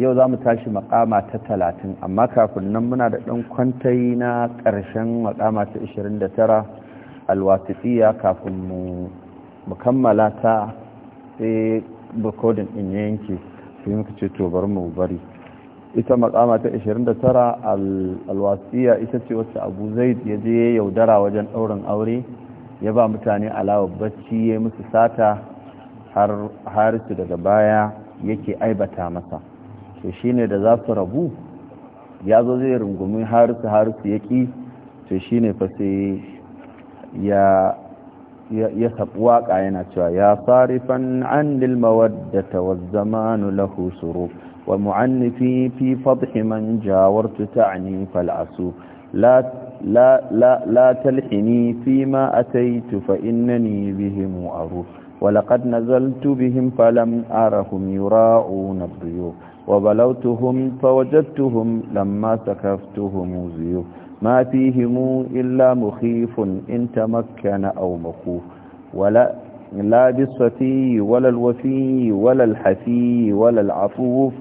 yau za mu tashi makama ta talatin amma kafin nan muna da ɗan kwantai na ƙarshen makama ta 29 alwatifiya kafin mu kammala ta sai bakodin ɗin yanki sai muka ce to bari mu bari ita makama ta 29 alwatifiya ita ce wacce abu zai ya je yaudara wajen ɗaurin aure ya ba mutane alawar bacci ya musu sata har harisu daga baya yake aibata masa to shine da za su rabu ya zo zai rungumi harisu harisu ya ƙi to shine fa sai ya sabu waka yana cewa ya sarifan an lil mawaddata waz zamanu wa mu'annifi fi fadh man jawartu ta fal fal'asu la لا, لا, لا تلحني فيما أتيت فإنني بهم ولقد نزلت بهم فلم أرهم يراعون الضيوف وبلوتهم فوجدتهم لما سكفتهم زيوف ما فيهم إلا مخيف إن تمكن أو مخوف ولا لا بالصفي ولا الوفي ولا الحفي ولا العفوف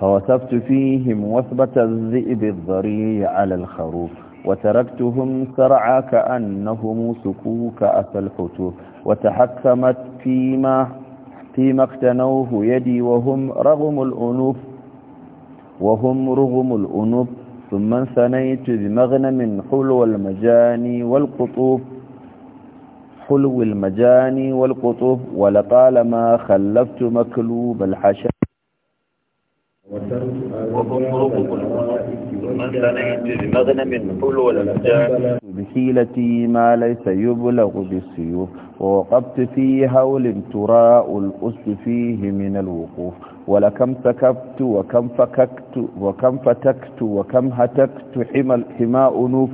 فوسفت فيهم وثبة الذئب الضريع على الخروف وتركتهم سرعا كأنهم سكوك أسى الحتوف وتحكمت فيما فيما اقتنوه يدي وهم رغم الأنوف وهم رغم الأنوف ثم انثنيت بمغنم حلو المجاني والقطوف حلو المجاني والقطوف ولطالما خلفت مكلوب الحشا وهم رغم الأنوف ثم انثنيت بمغنم حلو المجاني بحيلتي ما ليس يبلغ بالسيوف ووقفت في هول تراء الأس فيه من الوقوف ولكم سكبت وكم فككت وكم فتكت وكم هتكت حمى حماء نوف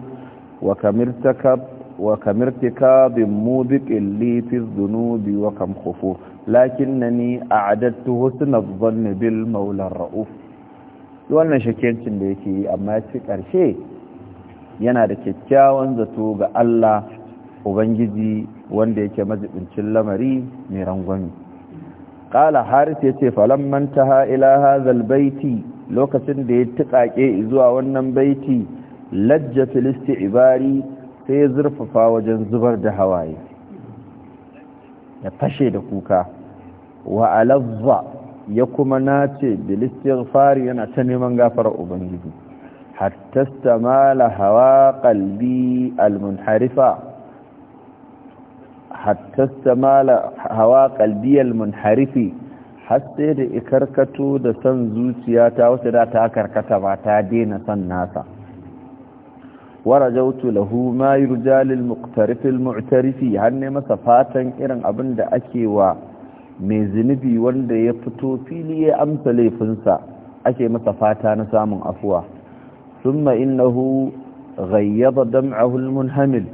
وكم ارتكب وكم ارتكاب موبق لي في الذنوب وكم خفوف لكنني أعددت حسن الظن بالمولى الرؤوف لو أنا شكيت أما amma شيء yana da kyakkyawan zato ga Allah ubangiji wanda yake majibincin lamari mai rangwami Kala Haris ya ce Falon manta ila hadhal baiti lokacin da ya taƙaƙe zuwa wannan baiti lajja filisti ibari sai ya zurfafa wajen zubar da hawaye ya fashe da kuka wa alazza ya kuma nace bil fari yana ta neman gafarar ubangiji hatta istamala hawa qalbi almunharifa hatta hawa kalbi almunharifi hatta da ikarkato da san zuciyata wacce da ta karkata ba ta daina san nasa ورجوت له ما يرجى للمقترف المعترف hanne masa fatan irin abin da ake wa mai zunubi wanda ya fito fili ya amsa laifinsa ake masa fata na samun afuwa ثم إنه غيض دمعه المنهمل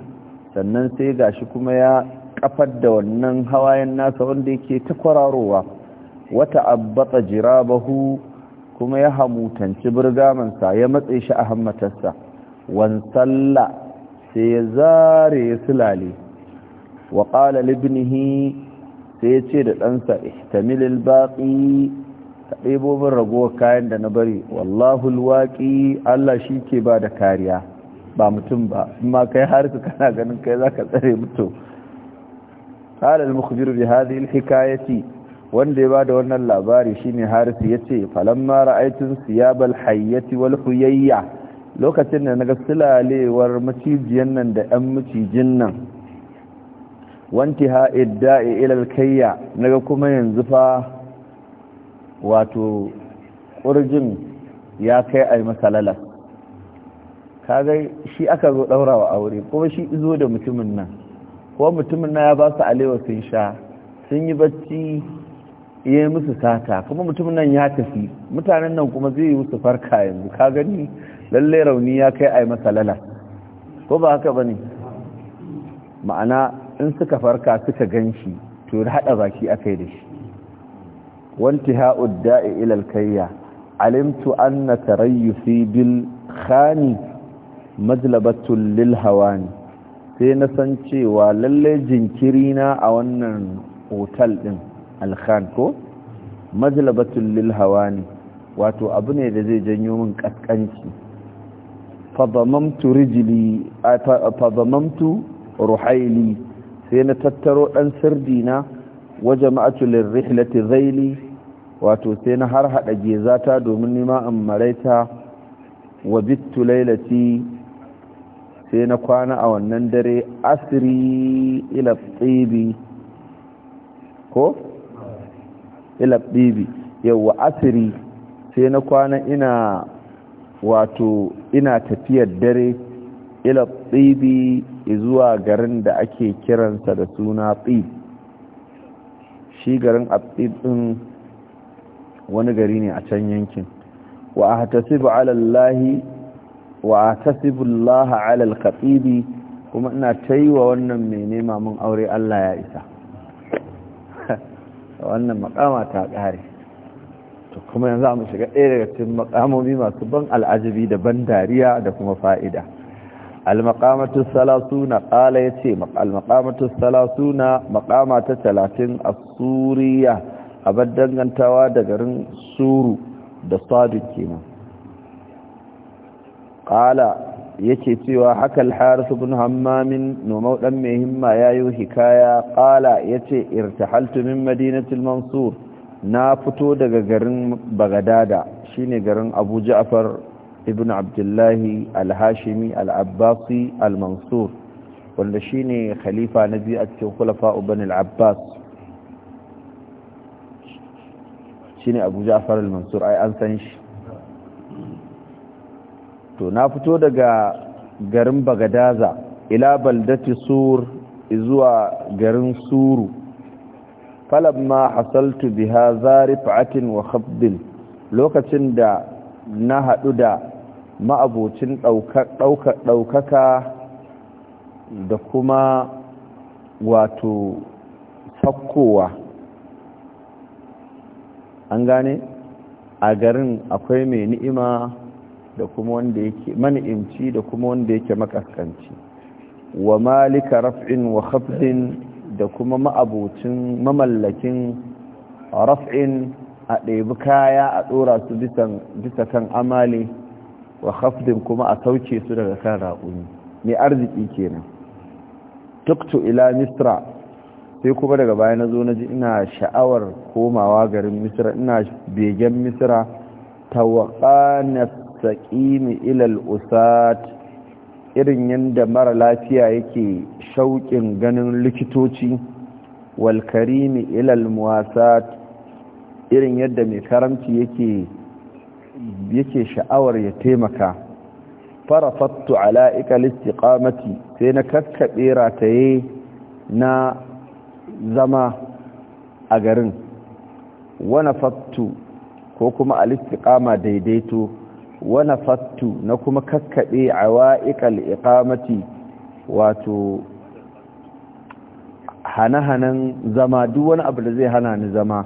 sannan sai gashi kuma ya kafar da wannan hawayen nasa wanda yake ta kwararowa wata abbata jirabahu kuma ya hamutanci burgamansa ya matse shi a hammatarsa wansalla sai ya zare ya sulale wa qala sai ya ce da ɗansa ihtamilil baƙi. ka ɗebo min ragowar kayan da na bari wallahu alwaƙi Allah shi ke ba da kariya ba mutum ba amma kai har ka kana ganin kai ka tsare mutum قال المخبر بهذه الحكايه wanda ya bada wannan labari shine harisu yace falamma ra'aytun siyabal hayyati wal huyayya lokacin da naga silalewar macijiyan nan da ɗan macijin nan wanti ha idda'i ila al kayya naga kuma yanzu fa wato ƙurjin ya kai a yi masa kagai shi aka zo ɗaura wa aure kuma shi izo da mutumin nan ko mutumin na ya ba su alewa sun sha sun yi bacci ya yi musu sata kuma mutumin nan ya tafi mutanen nan kuma zai yi musu farka yanzu ka gani lallai rauni ya kai a yi masa ko ba haka ba ne ma'ana in suka farka suka gan shi to haɗa baki aka yi da shi وانتهاء الداء إلى الكية علمت أن تريثي بالخاني مجلبة للهوان sai na san cewa lalle jinkiri na a wannan otal din alkhan ko majlabatul lil wato abu ne da zai janyo min kaskanci fadamamtu ruhaili sai na tattaro dan sirdina wa jama'atu lirrihlati zaili wato sai na har hada gezata domin nima an maraita wa bittu lailati sai na kwana a wannan dare asiri ila ko ila asiri sai na kwana ina wato ina tafiyar dare ila zuwa garin da ake kiransa da suna tsib shi garin atsib din wani gari ne a can yankin wa ahtasibu ala allahi wa ahtasibu allaha ala alqatibi kuma ina taiwa wannan mai nema mun aure Allah ya isa wannan makama ta kare to kuma yanzu mu shiga ɗaya daga cikin makamomi masu ban al'ajabi da ban dariya da kuma fa'ida al-maqamatu salasuna qala yace al-maqamatu salasuna maqama ta talatin as-suriya abar dangantawa da garin suru da sadun kenan ƙala yake cewa haka alharisu bin hammamin nomau ɗan mai himma ya yi hikaya ƙala ya ce irtahaltu min madinatul mansur na fito daga garin bagadada shine garin abu afar ibn abdullahi alhashimi al'abbasi al-mansur wanda shine khalifa na biyu a cikin kulafa uban abbas ne abu ja'far al-mansur ai an san shi to na fito daga garin bagadaza ila baldati sur zuwa garin suru falamma hasaltu biha zarifa'atin wa khabdil lokacin da na hadu da ma'abocin ɗaukaka da kuma wato fakkowa an gane a garin akwai mai ni'ima da kuma wanda yake mani'imci da kuma wanda yake makaskanci wa malika raf'in wa khafdin da kuma ma'abucin mamallakin raf'in a ɗebi kaya a ɗora su bisa kan amali wa khafdin kuma a sauke su daga kan raƙuni mai arziki kenan tuktu ila mistra sai kuma daga baya na zo na ji ina sha'awar komawa garin misira ina begen misira na saƙimi ilal usat irin yadda mara lafiya yake shauƙin ganin likitoci walkarimi ilal muwasat irin yadda mai karamci yake sha'awar ya taimaka farafattu ala'ika listi sai na kakkaɓe rataye na zama a garin wana fattu ko kuma alistikama daidaito wana fattu na kuma kakkaɓe a wa'iƙal iƙamati wato hane-hanen zama duk wani abu da zai hana ni zama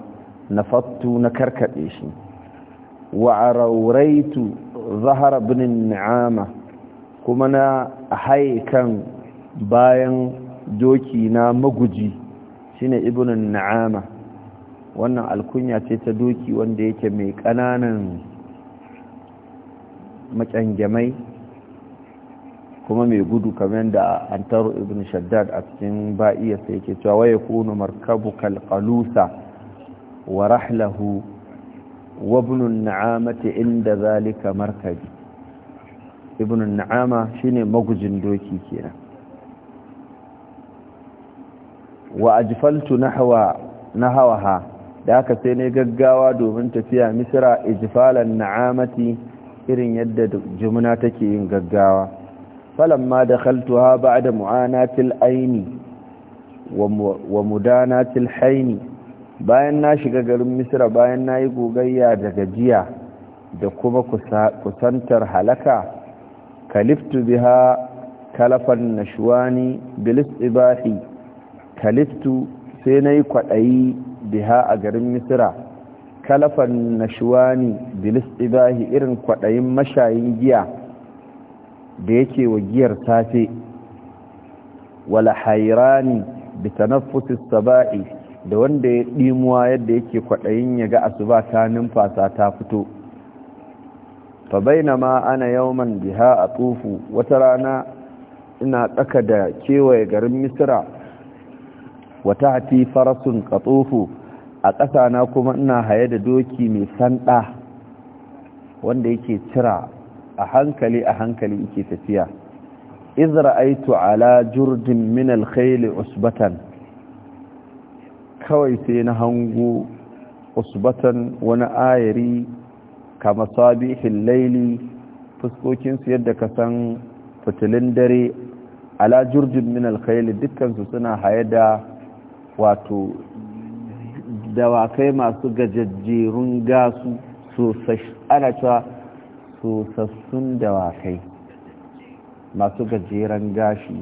na fattu na karkaɗe shi wa a rauraitu zahara binin ni'ama kuma na haikan bayan doki na maguji shine ibnun na'ama wannan alkunya ce ta doki wanda yake mai ƙananan makyangyamai kuma mai gudu kamar da antaru ibn shaddad a cikin ba'iya sai yake cewa waya kunu markabu kalkalusa wa rahlahu wa ibnun na'amati inda zalika markabi ibnun na'ama shine magujin doki kenan wa ajfaltu nahwa nahwaha da haka sai ne gaggawa domin tafiya misra ijfalan na'amati irin yadda jumna take yin gaggawa falamma dakhaltuha ba'da mu'anatil aini wa mudanatil haini bayan na shiga garin misra bayan na yi gogayya da gajiya da kuma kusantar halaka kaliftu biha kalafan nashwani bilis ibahi kaliftu sai na yi kwaɗayi biha a garin misira kalafan nashuwani bilis ibahi irin kwaɗayin mashayin giya da yake wa giyar safe wala hairani bi saba'i da wanda ya ɗimuwa yadda yake kwaɗayin ya ga asuba ta numfasa ta fito fa ma ana yawman biha a tsufu wata rana ina tsaka da kewaye garin misira Wata ta'ati farasun qatufu a ƙasa na kuma ina haye da doki mai sanda wanda yake cira a hankali a hankali yake tafiya izra aitu ala jurdin min al usbatan kawai sai na hango usbatan wani ayari kama sabihin laili fuskokinsu yadda ka san fitilin dare ala jurjin min dukkansu suna haye da wato dawakai masu gajajjerun gasu ana cewa sosassun dawakai masu gajeren gashi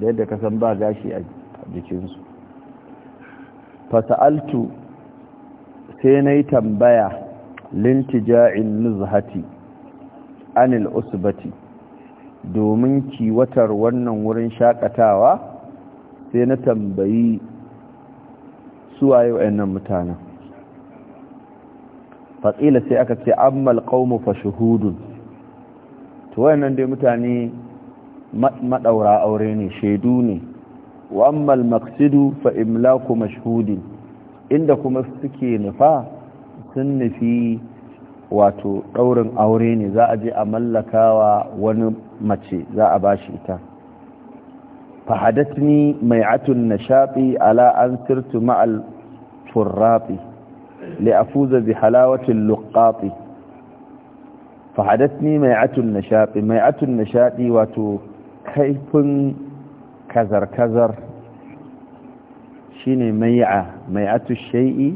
da yadda ka san ba gashi a jikinsu fasa'altu sai na yi tambaya lintija'in nuzhati anil usbati domin kiwatar wannan wurin shakatawa sai na tambayi suwaye wa'annan mutanen Fasila sai aka ce ammal alqaumu fa shuhudun to wayannan dai mutane madaura aure ne shaidu ne wa ammal almaqsidu fa imlaku mashhudin inda kuma suke nufa sun nufi wato daurin aure ne za a je a mallakawa wani mace za a bashi ita fahadatni mai'atun nashati ala an sirtu ma'al furrati li afuza bi halawatil luqati fahadatni mai'atun nashati mai'atun nashati wato kaifin kazar-kazar shine mai'a mai'atu shay'i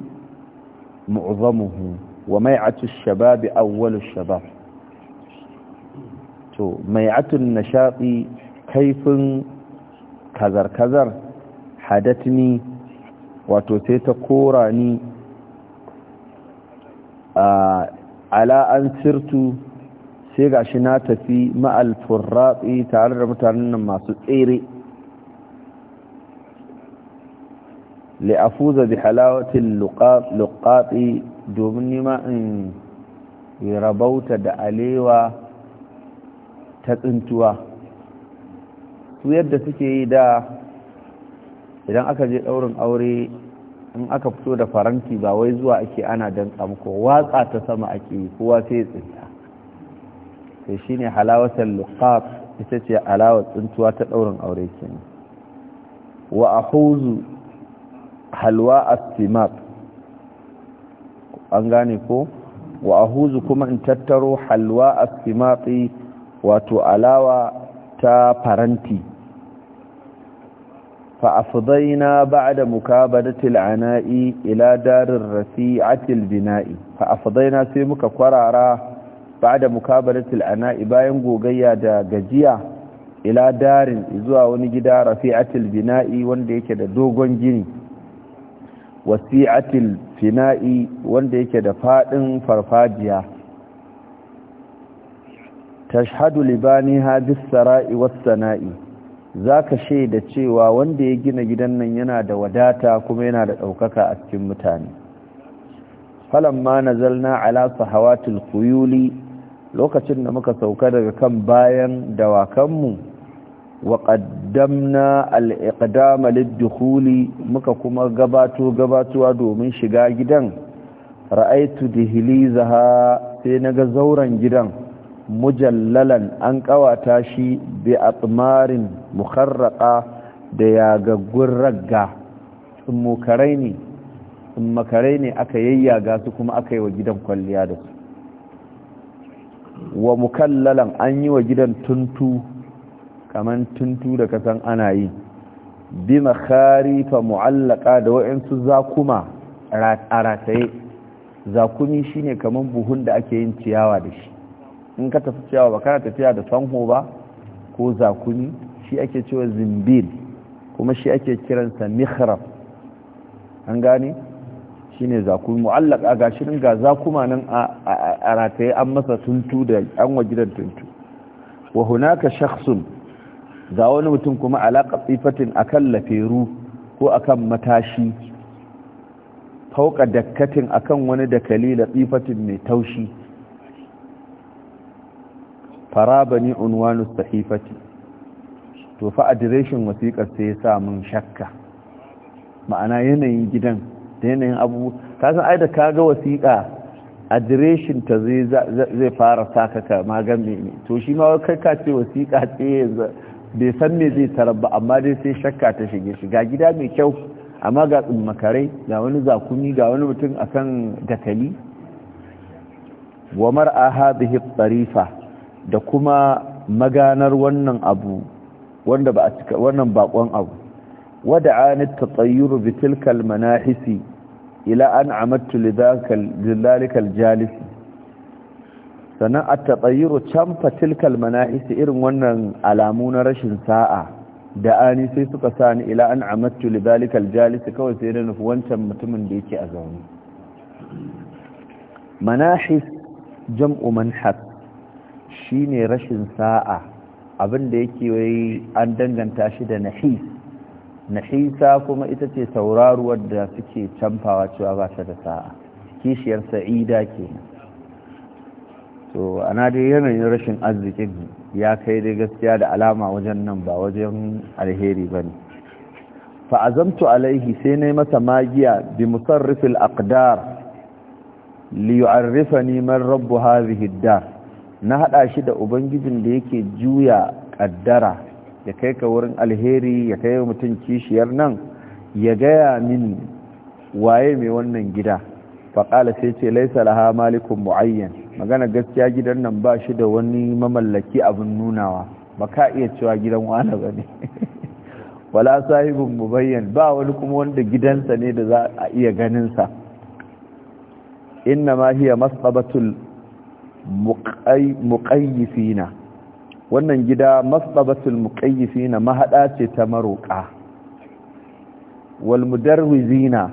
mu'zamuhu wa mai'atu shababi awwalu shabab to mai mai'atun nashati kaifin kazar-kazar hadatni wato sai ta kora ni ala an sirtu sai gashi na tafi ma'al tare da mutanen nan masu tsere li'afuza bi halawatin luƙaɗi domin nima in rabauta da alewa ta tsintuwa su yadda suke yi da idan aka je ɗaurin aure in aka fito da faranti ba wai zuwa ake ana danka muku watsa ta sama ake yi kowa sai tsinta sai shine halawatar luqab ita ce alawar tsintuwa ta ɗaurin aure kenan wa ahuzu halwa astimaq an gane ko wa ahuzu kuma in tattaro halwa astimaqi wato alawa ta faranti فأفضينا بعد مكابدة العناء إلى دار الرفيعة البناء فأفضينا سيمك قرارا بعد مكابدة العناء باين قوغيا دا قجيا إلى دار إزوا ونجدا رفيعة البناء وانديك دا دوغن جيني وسيعة الفناء وانديك دا فاتن فرفاجيا تشهد لبانيها بالسراء والسنائي za ka shaida cewa wanda ya gina gidan nan yana da wadata kuma yana da ɗaukaka a cikin mutane falamma zalna alasa hawatul-kuyuli lokacin da muka sauka daga kan bayan dawakanmu wa ƙaddamna al liddukuli muka kuma gabato gabatuwa domin shiga gidan ra'aitu da dihlizaha sai na ga zauren gidan mujallalan an kawata shi bi atmarin mukharraqa da yagaggun ragga tsummokarai ne ne aka yayyaga su kuma aka yi wa gidan kwalliya da su wa mukallalan an yi wa gidan tuntu kaman tuntu da kasan ana yi bi makharifa mu'allaka da wa'insu zakuma a rataye zakumi shine kaman buhun da ake yin ciyawa da shi in ka tafi ciyawa ba kana tafiya da sanho ba ko zakuni shi ake cewa zimbil kuma shi ake kiransa mihrab an gane shi ne zakuni mu'allak a gashirin ga zakuma nan a rataye an masa tuntu da an wajidan tuntu wa hunaka shakhsun ga wani mutum kuma alaka tsifatin a kan laferu ko a kan matashi fauka dakkatin akan wani dakali da tsifatin mai taushi farabani unwanu sahifati to fa adireshin wasiƙar sai ya sa mun shakka ma'ana yanayin gidan da yanayin abu ka san ai da kaga wasiƙa adireshin ta zai fara saka ka magan mene to shi ma kai ka ce wasiƙa ce bai san me zai tarar ba amma dai sai shakka ta shige shi ga gida mai kyau amma ga tsummakarai ga wani zakumi ga wani mutum akan dakali? wa mar'a hadhihi tarifa da kuma maganar wannan abu wanda ba a cika wannan bakon abu wada'a ni tatayyuru bi tilkal manahisi ila an amattu lidhalika aljalis sannan at-tatayyuru champa tilkal manahisi irin wannan alamu na rashin sa'a da ani sai suka sani ila an amattu lidhalika aljalis kawai sai da nufi wancan mutumin da yake a zaune manahis jam'u manhas Shi ne rashin sa'a abinda yake wai an danganta shi da nahis nahisa kuma ita ce sauraruwar da suke canfawa cewa ba ta da sa'a kishiyar sa'ida ke to ana dai yanayin rashin arzikin ya kai dai gaskiya da alama wajen nan ba wajen alheri Ba fa azamtu alaihi sai na yi masa magiya bi musarrifin al aqdar neman yu'arrifani man rabu Hiddar. na hada shi da ubangijin da yake juya kaddara ya kai ka wurin alheri ya kai mutum kishiyar nan ya gaya min waye mai wannan gida faƙala sai ce laisa laha malikun mu'ayyan magana gaskiya gidan nan ba shi da wani mamallaki abin nunawa ba ka iya cewa gidan wani ba ne wala sahibin bayyan ba wani kuma wanda gidansa ne da za a iya ganin sa inna ma hiya masqabatul muƙayyifina wannan gida masbabatul muƙayyifina mahaɗa ce ta maroƙa walmudarwizina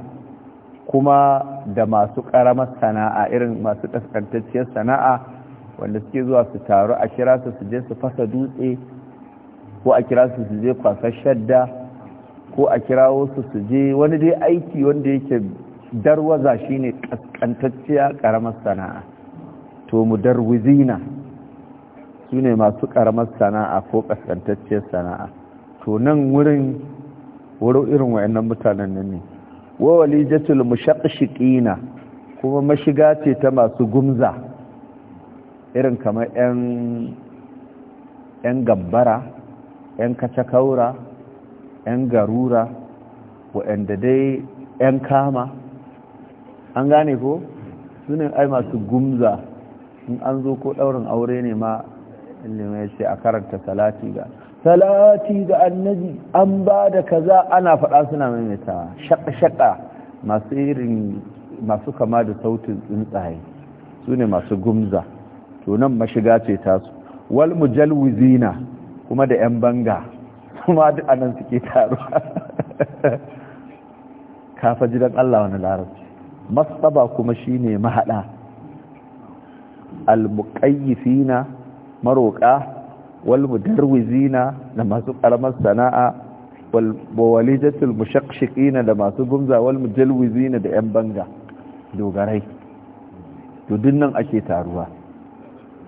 kuma da masu ƙaramar sana'a irin masu ƙasƙantacciyar sana'a wanda suke zuwa su taru a kira su su je su fasa dutse ko a kira su su je kwasar shadda ko a kira su su je wani dai aiki wanda yake darwaza shine ƙasƙantacciya ƙaramar sana'a to mudarwizina su ne masu karamar sana'a ko kaskantacciyar sana'a to nan wurin wuro irin wa'annan mutanen nan ne wawali jatul mushaqshiqina kuma mashiga ce ta masu gumza irin kamar 'yan gambara 'yan kacakaura 'yan garura waɗanda dai 'yan kama an gane ko sunan ai masu gumza in an zo ko ɗaurin aure ne ma ilimin ya ce a karanta salati ga salati ga annabi an ba da kaza ana faɗa suna maimaitawa shaƙa-shaƙa masu irin masu kama da sautin tsuntsaye su ne masu gumza to nan mashiga ce tasu wal mujalwizina kuma da 'yan banga kuma duk anan suke taro kafa jidan Allah wani larabci masaba kuma shine mahaɗa almuqayyifina maroƙa wal mudarwizina da masu karamar sana'a wal bawalijatul mushakshiqina da masu gumza wal mujalwizina da yan banga dogarai to dinnan ake taruwa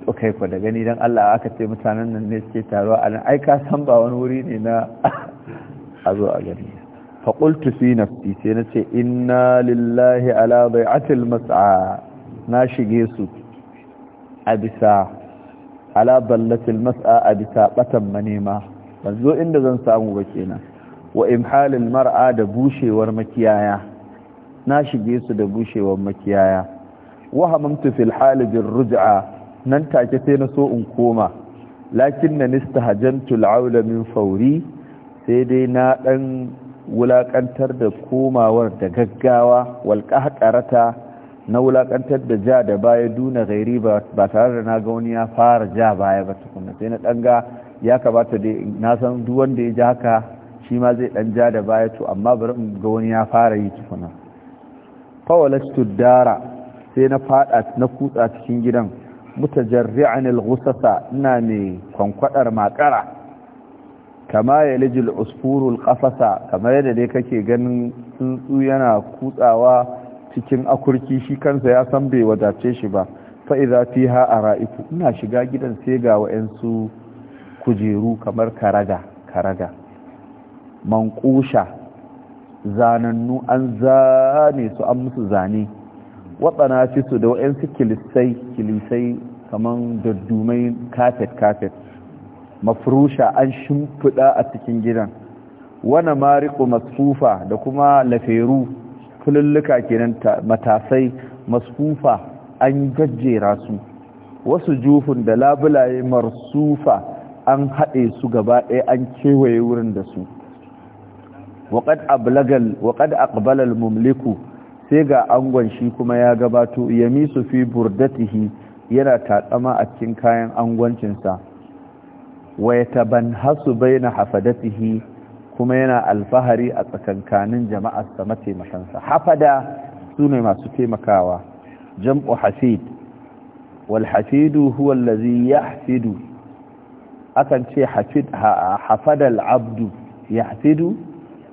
to kai ko da gani dan Allah aka ce mutanen nan ne suke taruwa a ai ka san ba wani wuri ne na a zo a gani fa qultu fi nafsi sai nace inna lillahi ala bai'atil mas'a na shige su abisa ala ballatil mas'a a batan manema banzo inda zan samu ba kenan wa imhalil mar'a da bushewar makiyaya na shige su da bushewar makiyaya wa hamamtu fil hali bil ruj'a nan take sai na so in koma lakin na nistahajantu al'aula min fauri sai dai na dan wulakantar da komawar da gaggawa wal qahqarata na wulakantar da ja da baya duna gairi ba tare da na ga wani ya fara ja baya ba tukuna, sai na ɗanga ya kamata da na san duk wanda ya ja haka shi ma zai ɗan ja da baya to amma bari in ga wani ya fara yi tukuna. fawalastu dara sai na fada na kutsa cikin gidan mutajarri'an al-ghusasa ina mai kwankwadar makara kama ya lijil usfurul qafasa kamar yadda dai kake ganin tsuntsu yana kutsawa cikin akurki shi kansa ya san bai wadace shi ba fa'iza fi ha a ra'iku ina shiga gidan sai ga wa'yansu kujeru kamar karaga karaga manƙusha zanannu an zane su an musu zane waɗana fi su da wa'yansu kilisai kilisai kamar daddumai kafet kafet Mafurusha an shimfiɗa a cikin gidan wana mariƙo masufa da kuma laferu fululluka kenan matasai masfufa an gajjera su wasu jufun da labulaye marsufa an haɗe su gaba ɗaya an kewaye wurin da su waƙad aqbalal mumliku sai ga angon shi kuma ya gabato yamisu fi burdatihi yana tatsama a cikin kayan angoncinsa wa bai baina hafadatihi kuma yana alfahari a tsakankanin jama'arsa mataimakansa hafada su ne masu taimakawa jam'u hasid wal hasidu huwa allazi yahsidu akan ce hafid hafada al abdu yahsidu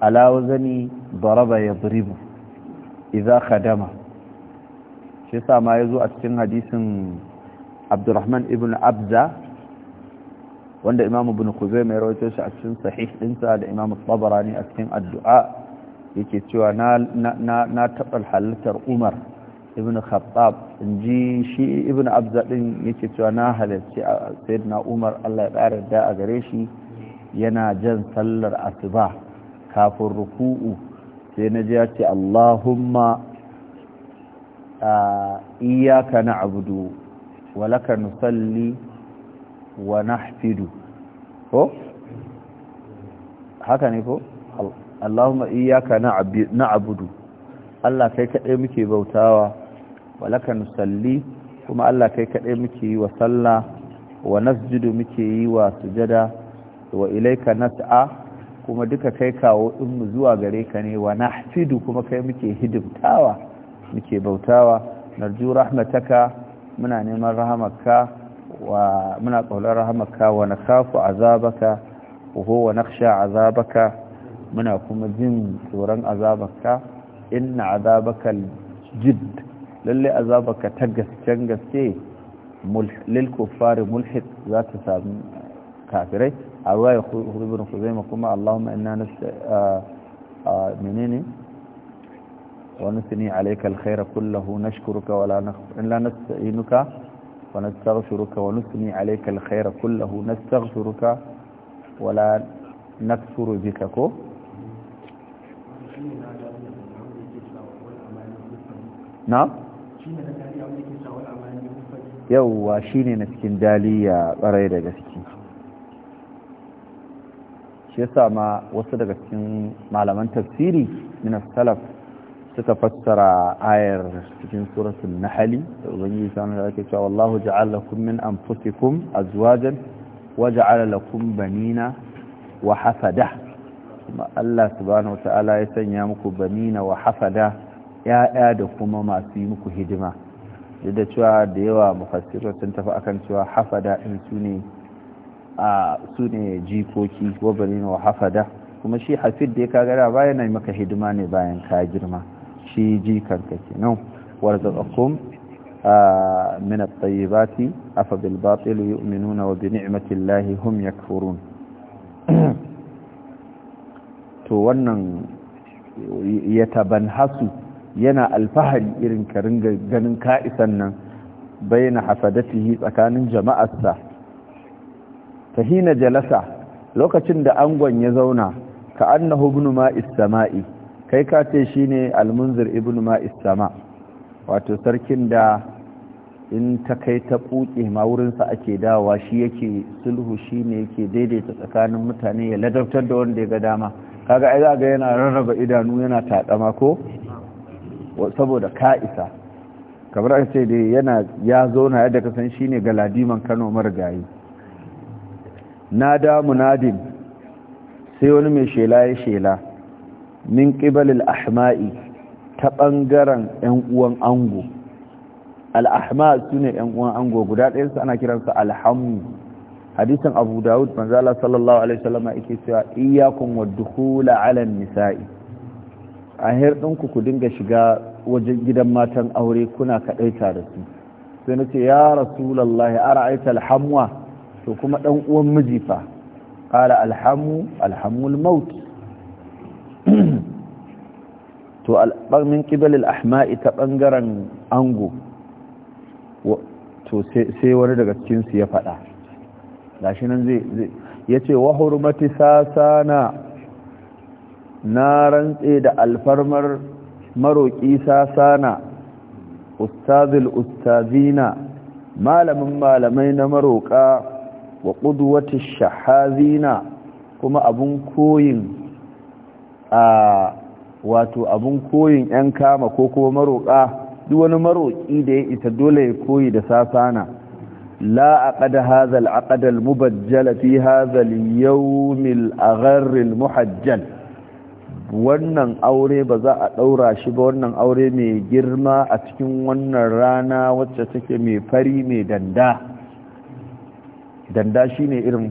ala wazani daraba yadribu idza khadama shi sa ma yazo a cikin hadisin abdulrahman ibn Abza wanda imam ibn khuzaimah ya rawaito shi a cikin sahih dinsa da imam tabarani a cikin addu'a yake cewa na na na taba halittar umar ibn khattab inji shi ibn abza din yake cewa na halarci sayyidina umar Allah ya kare da a gare shi yana jan sallar asuba kafin ruku'u sai na ji ya ce Allahumma iyyaka na'budu wa laka nusalli wa nahfidu ko haka ne ko Allahumma iyyaka na'budu Allah kai kadai muke bautawa laka nusalli kuma Allah kai kadai muke yi wa sallah wa nasjudu muke yi wa sujada wa ilaika nas'a kuma duka kai kawo in mu zuwa gare ka ne wa nahfidu kuma kai muke hidimtawa muke bautawa narju rahmataka muna neman rahamarka ومن قول رحمك ونخاف عذابك وهو نخشى عذابك من كما جن سوران عذابك إن عذابك الجد للي عذابك تجس تنجس للكفار ملحد ذات سامي كافرين أرواي ابن خزيمة كما اللهم إنا نس آه، آه، منيني ونثني عليك الخير كله نشكرك ولا نخ... لا نستعينك ونستغفرك ونثني عليك الخير كله نستغفرك ولا نكفر بك نعم yauwa shi ne na cikin daliya ɓarai daga gaske shi yasa ma wasu daga cikin malaman tafsiri minas salaf suka fassara ayar cikin suratun nahali ubangiji sanin da ake cewa wallahu ja'ala lakum min anfusikum azwajan wa ja'ala lakum banina wa hafada kuma Allah subhanahu wata'ala ya sanya muku banina wa hafada ya'ya da kuma masu yi muku hidima duk da cewa da yawa mufassirai sun tafi akan cewa hafada in sune a sune jikoki wa banina wa hafada kuma shi hafid da ya da bayan na maka hidima ne bayan ka girma shi tsaye kenan warzuqakum min at-tayyibati afa bil batil yu'minuna wa bi ni'mati llahi hum yakfurun to wannan ya hasu yana alfahari irin ka ringa ganin ka'isan nan bayyana yi tsakanin jama'arsa ta hina jalasa lokacin da angon ya zauna ka annahu ibn ma'is sama'i kai ka ce shi ne almunzir ibn ma'is sama wato sarkin da in ta kai ta kuke ma wurinsa ake dawowa shi yake sulhu shi ne yake daidaita tsakanin mutane ya ladabtar da wanda ya ga dama kaga ai za ga yana rarraba idanu yana taɗama ko saboda ka'isa kamar aka ce dai yana ya zauna yadda ka san shi ne galadiman kano marigayi na da munadin sai wani mai shela ya shela min ƙibalil ahma'i ta ɓangaren 'yan uwan ango al'ahma su ne 'yan uwan ango guda su ana kiransa alhamu hadisin abu dawud manzala sallallahu alaihi salama ake cewa iyakun wadda hula alan nisa'i a hirɗinku ku dinga shiga wajen gidan matan aure kuna kaɗaita da su sai na ce ya rasulallah ya ra'aita alhamwa to kuma ɗan uwan miji fa ƙala alhamu alhamul mauti to min qibal al-ahma'i ta bangaren ango to sai wani daga cikin su ya faɗa. gashi nan zai yace wa hurmati sasana na rantse da alfarmar maroki sasana ustazul ustazina malamin malamai na maroka wa qudwati shahazina kuma abun koyin a wato abun koyin 'yan kama ko kuma maroƙa duk wani maroƙi da ya isa dole ya koyi da safana la aqada ƙada hazal aqada ƙadal mubajjala fi hazal al muhajjal wannan aure ba za a ɗaura shi ba wannan aure mai girma a cikin wannan rana wacce take mai fari mai danda danda shine irin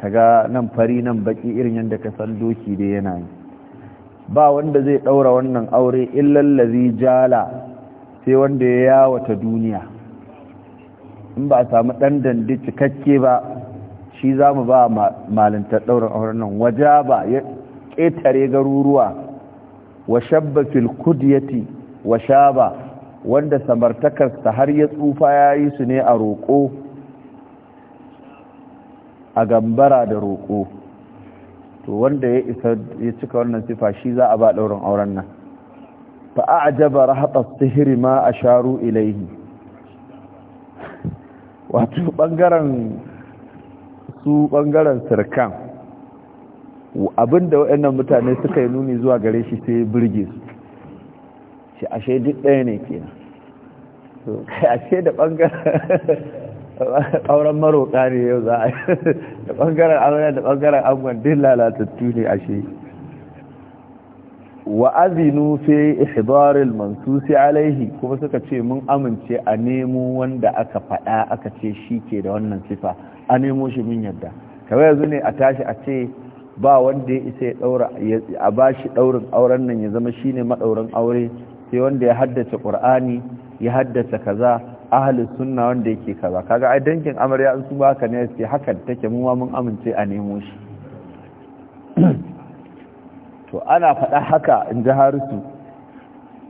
kaga nan fari nan baki irin yadda ka san doki da yanayi. ba wanda zai daura wannan aure illallazi jala sai wanda ya yawata duniya in ba a samu dan dandi cikakke ba shi za mu ba malinta daurin auren nan waja ba ya ƙetare garuruwa wa shabba ya kudiyati wa shaba wanda samartakarsa har ya tsufa ya yi su ne a roƙo a gambara da roƙo to wanda ya isa ya cika wannan sifa shi za a ba ɗaurin auren nan fa a'jaba rahata sihiri ma asharu ilaihi wato bangaren su bangaren sirkan abinda waɗannan mutane suka yi nuni zuwa gare shi sai birge su shi ashe duk ɗaya ne kenan to kai ashe da bangaren auren maroƙa ne yau za a yi da ɓangaren auren da ɓangaren angon din lalatattu ne ashe wa azinu fi ihdaril mansusi alaihi kuma suka ce mun amince a nemo wanda aka faɗa aka ce shi ke da wannan sifa a nemo shi mun yadda kawai yanzu ne a tashi a ce ba wanda ya isa a ba shi ɗaurin auren nan ya zama shine maɗaurin aure sai wanda ya haddace qur'ani ya haddace kaza ahalin sunna wanda yake kaza kaga ai dangin amarya in su ba ka ne sai hakan take mu ma mun amince a nemo shi to ana faɗa haka in ji harisu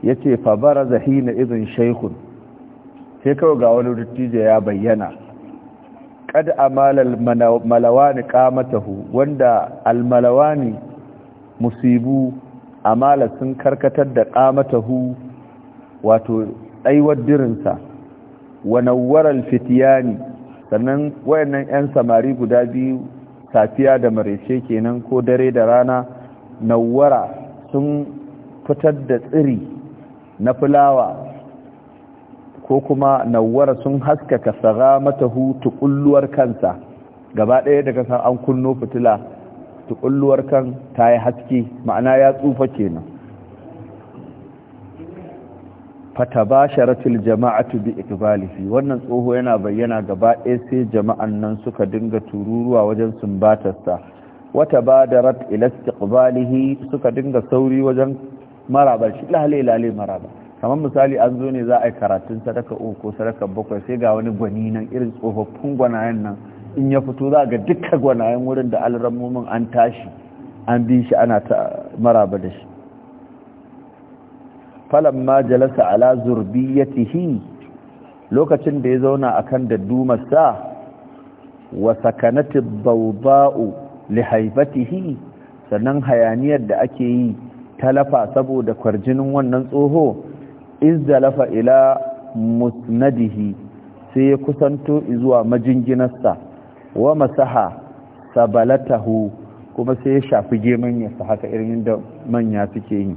yace fa baraza zahina izin shaikun sai kawai ga wani dattijo ya bayyana kad amalal malawani qamatahu wanda al malawani musibu amala sun karkatar da qamatahu wato aiwar dirinsa wa nawwaral fitiyani sannan wayannan yan samari guda biyu safiya da marece kenan ko dare da rana nawwara sun fitar da tsiri na fulawa ko kuma nawwara sun haskaka sagamatahu tukulluwar kansa gaba ɗaya daga san an kunno fitila tukulluwar kan ta yi haske ma'ana ya tsufa kenan fatabasharatul jama'atu bi iqbalihi wannan tsoho yana bayyana gaba ɗaya sai jama'an nan suka dinga tururuwa wajen sumbatarsa wata badarat ila istiqbalihi suka dinga sauri wajen marabar shi lalle lalle maraba kamar misali an zo ne za a yi karatun sadaka uku ko sadaka bakwai sai ga wani gwani nan irin tsofaffin gwanayen nan in ya fito za ga dukkan gwanayen wurin da alrammomin an tashi an bi shi ana ta maraba da shi falamma jalasa ala zurbiyatihi lokacin da ya zauna akan daddumarsa wa sakanati bawda'u li haibatihi sannan hayaniyar da ake yi talafa saboda kwarjinin wannan tsoho izzalafa ila musnadihi sai ya kusanto zuwa majinginarsa wa masaha sabalatahu kuma sai ya shafi geman yasa haka irin da manya suke yi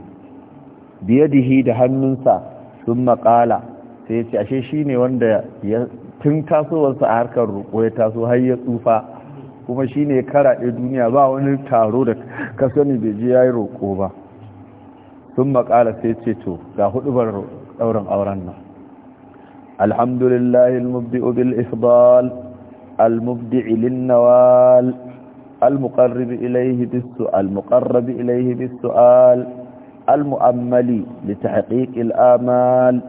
biyadihi da hannunsa sun maƙala sai ce ashe shi ne wanda ya tun tasowarsa a harkar roƙo ya taso har ya tsufa kuma shi ne karaɗe duniya ba wani taro da kasani bai ji ya yi roƙo ba sun maƙala sai ce to ga hudubar ɗaurin auren nan alhamdulillah almubdi'u bil isbal almubdi'i ilin nawal ilai إليه بالسؤال المقرب إليه al المؤمل لتحقيق الآمال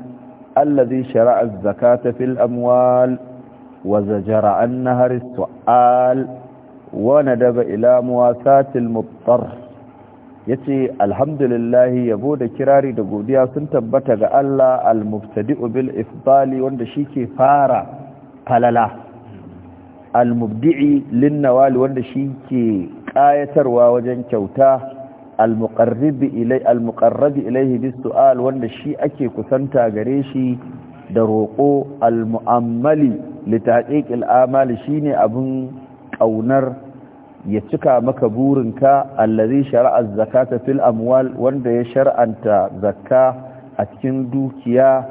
الذي شرع الزكاة في الأموال وزجر أنها السؤال وندب إلى مواساة المضطر يتي الحمد لله يبود كراري دقوديا سنتبتغ ألا المبتدئ بالإفضال واندشيكي فارا قللا المبدعي للنوال واندشيكي آية رواجا كوتاه almuƙarrabi muqarrabi ilaihi bis-su'al wanda shi ake kusanta gare shi da roƙo al-mu'ammali litaqiq al shine abin ƙaunar ya cika maka burinka allazi shara'a zakata fil amwal wanda ya shar'anta zakka a cikin dukiya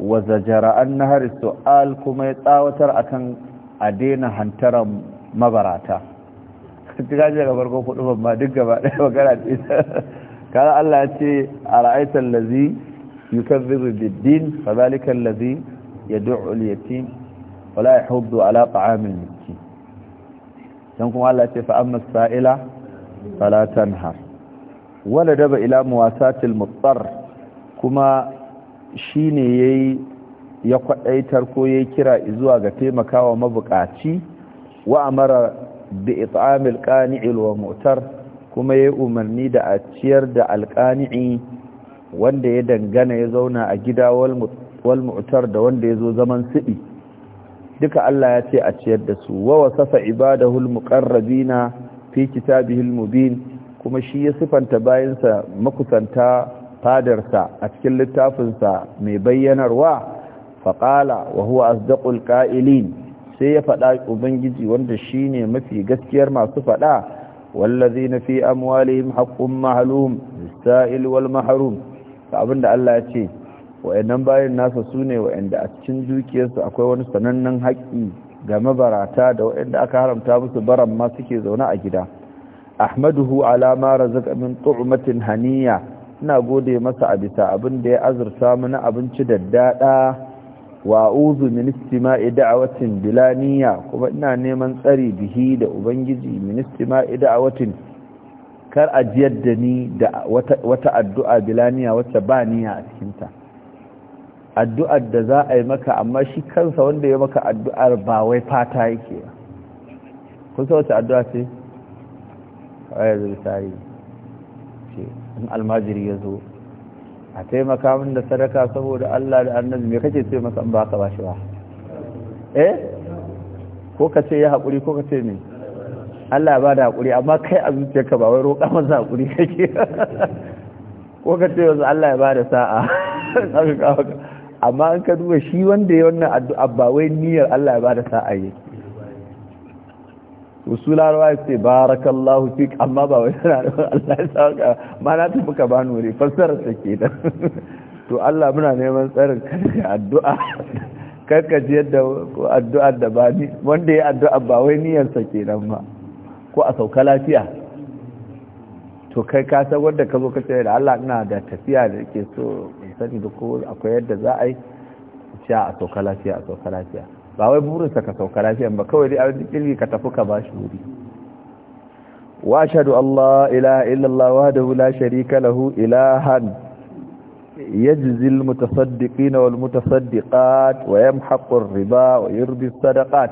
wa zajara'an an nahar su'al kuma ya tsawatar akan a daina hantaran mabarata tuka ji daga farko kudu ban ma duk gaba ɗaya magana ce kada Allah ya ce a ra'aitar lazi yukazzibu biddin fa zalika allazi ya al-yatim wa la yahuddu ala ta'amil miskin dan kuma Allah ce fa amma sa'ila fala tanhar wala daba ila muwasatil muttar kuma shine yayi ya kwadaitar ko yayi kira zuwa ga taimakawa mabukaci wa amara bi it'amil qani'il wa mu'tar kuma yayi umarni da a ciyar da alqani'i wanda ya dangana ya zauna a gida wal mu'tar da wanda ya zo zaman siɗi duka Allah ya ce a ciyar da su wa wasafa ibadahul muqarrabina fi kitabihil mubin kuma shi ya sifanta bayansa makusanta fadarsa a cikin littafinsa mai bayyanarwa faƙala wa huwa asdaqul qa'ilin sai ya faɗa ubangiji wanda shi ne mafi gaskiyar masu faɗa wallazi na fi amwalihim haƙƙun mahalum sa'il wal abin abinda Allah ya ce wa'annan bayan nasa sune waanda a cikin dukiyarsu akwai wani sanannen haƙƙi ga mabarata da wayanda aka haramta musu baran ma suke zaune a gida ahmaduhu ala ma razaqa min tu'matin haniya ina gode masa a bisa abin da ya azurta mana abinci da daɗa. wa uzu min istima'i da'awatin bilaniya kuma ina neman tsari bihi da ubangiji min istima'i da'awatin kar ajiyar da ni da wata addu'a bilaniya wacce ba niya a cikinta addu'ar da za a yi maka amma shi kansa wanda ya maka addu'ar ba wai fata yake ba kusa wace addu'a ce? ƙwayar zai tari ce in almajiri ya zo a taimaka min da sadaka saboda Allah da annabi me kake ce masa in ba ka bashi ba eh ko ka ce ya haƙuri ko ka ce me Allah ba da haƙuri amma kai a zuciyarka ba wai roƙa masa haƙuri kake ko ka ce wasu Allah ya ba da sa'a amma in ka duba shi wanda ya wannan addu'a ba wai niyyar Allah ya ba da sa'a yake wasu larawa ya ce barakallahu fik amma ba wai yana da Allah ya saka ma na tafi ka bani wuri fassarar ta ke da to Allah muna neman tsarin karka addu'a karka ji yadda addu'ar da ba ni wanda ya addu'a ba wai niyyar sa ke nan ba ko a sauka lafiya to kai ka san wanda ka zo ka ce da Allah ina da tafiya da ke so sani da ko akwai yadda za a yi a sauka lafiya a sauka lafiya ba wai burinsa ka sauka lafiyan ba kawai dai a wani ka tafi ka ba shi wuri wa shaɗu Allah ilaha illallah da la sharika lahu ilahan yajzi almutasaddiqina walmutasaddiqat wa yamhaqu haƙƙun riba wa yurbi sadaqat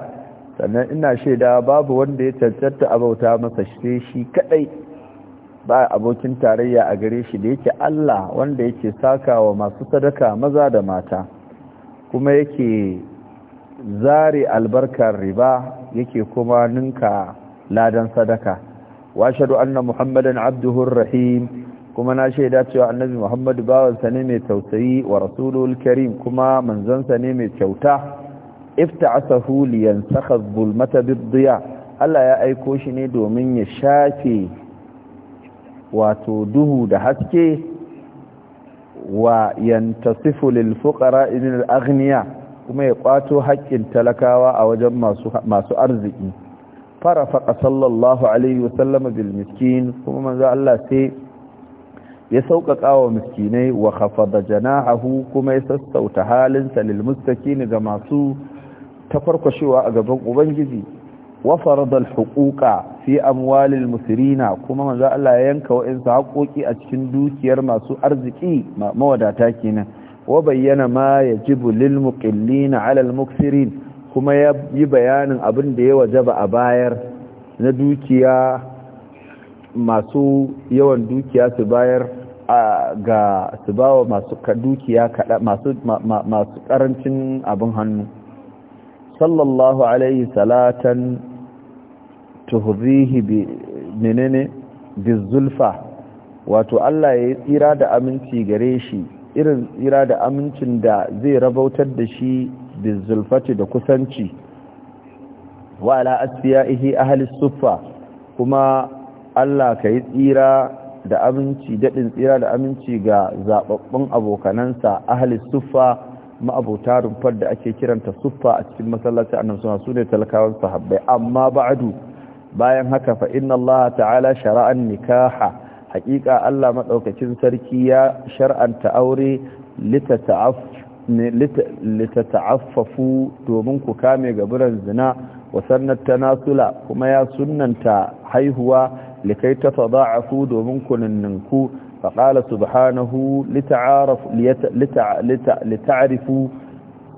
sannan ina shaida babu wanda ya cancanta abauta masa shi shi kadai ba abokin tarayya a gare shi da yake Allah wanda yake sakawa masu sadaka maza da mata kuma yake zare albarkar riba yake kuma ninka ladan sadaka wa shaɗu anna abduhur rahim kuma na shaida cewa annabi muhammadu bawansa ne mai tausayi wa rasulul karim kuma manzansa ne mai kyauta ifta ifta'asahu liyansakha zulmata biddiya Allah ya aiko shi ne domin ya shafe wato duhu da haske wa yanta sifulil fuqara min al kuma ya kwato haƙƙin talakawa a wajen masu arziki farafaka sallallahu alaihi wasallam bil miskin kuma manzo Allah sai ya sauƙaƙa wa miskinai wa khafada janahu kuma ya sassauta halinsa lil mustakin ga masu tafarkwashewa a gaban ubangiji wa farada al huquqa fi amwalil musirina kuma manzo Allah ya yanka wa'insu haƙoƙi a cikin dukiyar masu arziki mawadata kenan wa bayyana ma yajibu lil muqillina ala al muksirin kuma ya yi bayanin abin da ya wajaba a bayar na dukiya masu yawan dukiya su bayar ga su bawa masu dukiya kada masu masu karancin abin hannu sallallahu alaihi salatan tuhzihi bi menene bizulfa wato Allah ya tsira da aminci gare shi irin tsira da amincin da zai rabautar da shi da zulfati da kusanci wa ala asfiyaihi ahli suffa kuma Allah ka yi tsira da aminci daɗin tsira da aminci ga zaɓaɓɓun abokanansa ahli suffa ma'abota rumfar da ake kiranta suffa a cikin masallaci annabi suna su ne talakawan sahabbai amma ba'adu bayan haka fa inna Allah ta'ala shara'an nikaha haƙiƙa Allah maɗaukacin sarki ya shar'anta aure litata'affafu domin ku kame gaburan zina wasannar tanasula kuma ya sunanta haihuwa likai ta tada'afu domin kunanninku faƙala subhanahu lita'arifu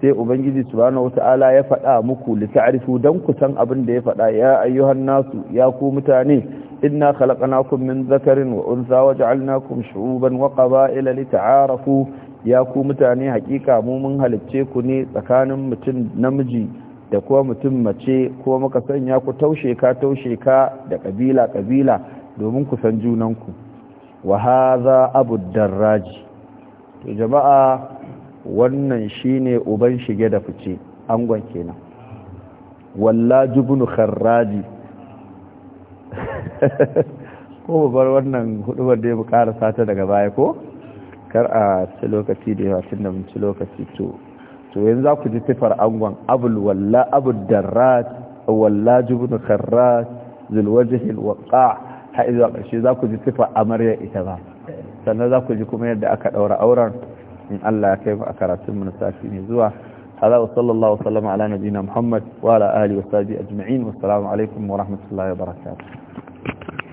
sai ubangiji subhanahu wata'ala ya faɗa muku ta'rifu dan ku san abin da ya faɗa ya ayyuhan nasu ya ku mutane inna khalaqnakum min dhakarin wa untha ja'alnakum shu'uban wa qaba'ila ta'arafu ya ku mutane hakika mu mun halicce ku ne tsakanin mutum namiji da kuma mutum mace ko muka sanya ku taushe ka taushe ka da kabila kabila domin ku san junanku wa hadha abu darraji to jama'a wannan shine uban shige da fice angon kenan wallaji bin kharraji ko bar wannan hudubar da ya bukara sata daga baya ko kar a ci lokaci da yawa tun da mun ci lokaci to to yanzu za ku ji tifar angon abul walla abul darrat wallaji bin kharraj zulwajhil waqa ha idan ƙarshe za ku ji tifar amarya ita ba sannan za ku ji kuma yadda aka daura auren in Allah ya kai a karatun mu na safi ne zuwa hada wa sallallahu sallam ala nabiyina Muhammad wa ala alihi wa sahbihi ajma'in wa assalamu alaikum wa rahmatullahi wa barakatuh